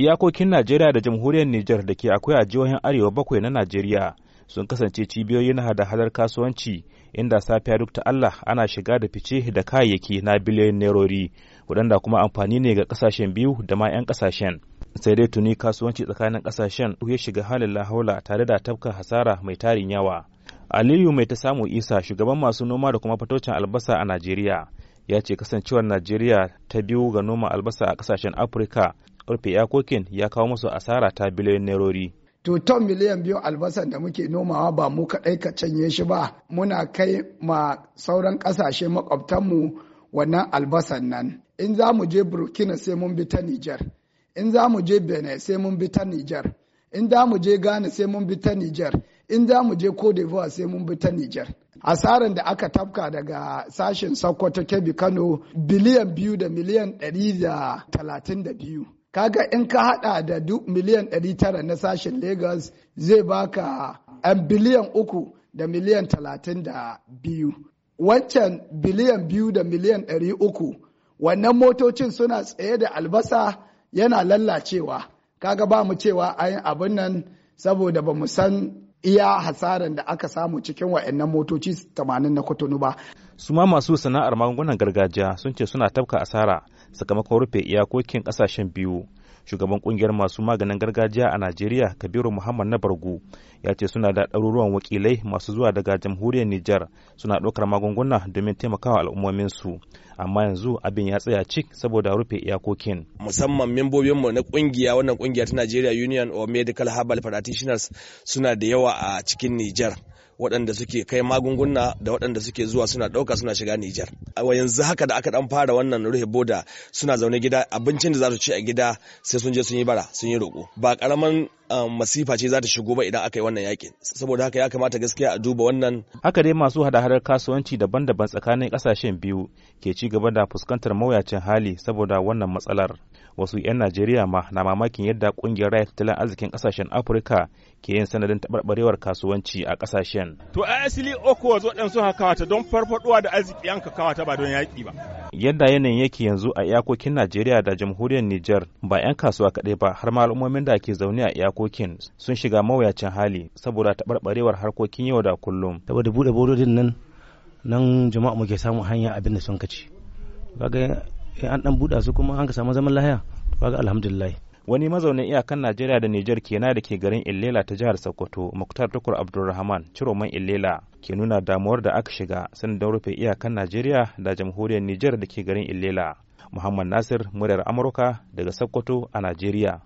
iyakokin najeriya da jamhuriyar nijar da ke akwai a jihohin arewa bakwai na najeriya sun kasance cibiyoyi na hada-hadar kasuwanci inda safiya duk ta allah ana shiga da fice da kayayyaki na biliyoyin nerori waɗanda kuma amfani ne ga kasashen biyu da ma 'yan kasashen sai dai tuni kasuwanci tsakanin kasashen ya shiga halin lahaula tare da tafka hasara mai tarin yawa aliyu mai ta samu isa shugaban masu noma da kuma fatocin albasa a najeriya ya ce kasancewar najeriya ta biyu ga noma albasa a kasashen afirka rufe yakokin ya kawo musu asara ta biliyon nerori to ton miliyan biyu albasan da muke nomawa ba mu kaɗai ka canye shi ba muna kai ma sauran ƙasashe maƙwabtanmu wannan albasan nan in za mu je burkina sai mun bi ta nijar in za mu je benin sai mun bi ta nijar in za mu je ghana sai mun bi ta nijar in za mu je cote sai mun bi ta nijar asarar da aka tafka daga sashen sokoto kebbi kano biliyan biyu da miliyan ɗari da talatin da biyu kaga in ka hada da duk miliyan ɗari tara na sashen lagos zai baka yan biliyan uku da miliyan talatin da biyu wancan biliyan biyu da miliyan ɗari uku wannan motocin suna tsaye da albasa yana lallacewa kaga ba mu cewa ayin abin nan saboda ba mu san iya hasaran da aka samu cikin wa'annan motoci 80 na Kotonu ba. Su ma masu sana'ar magungunan gargajiya sun ce suna tabka asara sakamakon rufe iyakokin ƙasashen biyu. shugaban kungiyar masu maganin gargajiya a najeriya kabiru muhammad na bargu ya ce suna da ɗaruruwan wakilai masu zuwa daga jamhuriyar nijar suna ɗaukar magunguna domin taimakawa su amma yanzu abin ya tsaya cik saboda rufe iyakokin musamman membobinmu na kungiya wannan kungiya ta nigeria union of medical herbal practitioners suna da yawa a cikin nijar waɗanda suke kai magunguna da waɗanda suke zuwa suna ɗauka suna shiga Nijar. A yanzu haka da aka ɗan fara wannan ruhe boda suna zaune gida abincin da za su ci a gida sai sun je sun yi bara sun yi roƙo. Ba ƙaramin Um, masifa ce za ta shigo ba idan aka yi wannan yakin saboda haka ya kamata gaskiya a duba wannan haka dai masu hada-hadar kasuwanci daban-daban tsakanin kasashen biyu ke ci gaba da fuskantar mawuyacin hali saboda wannan matsalar wasu 'yan najeriya ma na mamakin yadda kungiyar raya tattalin arzikin kasashen afirka ke yin sanadin taɓarɓarewar kasuwanci a kasashen to a asili oko wazo ɗan sun don farfaɗuwa da arziki yanka kawata ba don yaƙi ba yadda yanayin yake yanzu a iyakokin najeriya da jamhuriyar niger ba 'yan kasuwa kaɗai ba har ma al'ummomin da ke zaune a iyakokin sun shiga mawuyacin hali saboda taɓarɓarewar harkokin yau da kullum saboda buɗe bododin nan nan jama'a muke samun hanya abin da sun kaci kaga an dan buɗa su kuma an ka samu zaman lahiya kaga alhamdulillah wani mazaunin iyakan najeriya da nijar kena da ke garin Ilela ta jihar sokoto muktar tukur abdulrahman ciroman Ilela ke nuna damuwar da aka shiga don rufe iyakan najeriya da jamhuriyar nijar da ke garin Ilela muhammad nasir muryar amurka daga sokoto a najeriya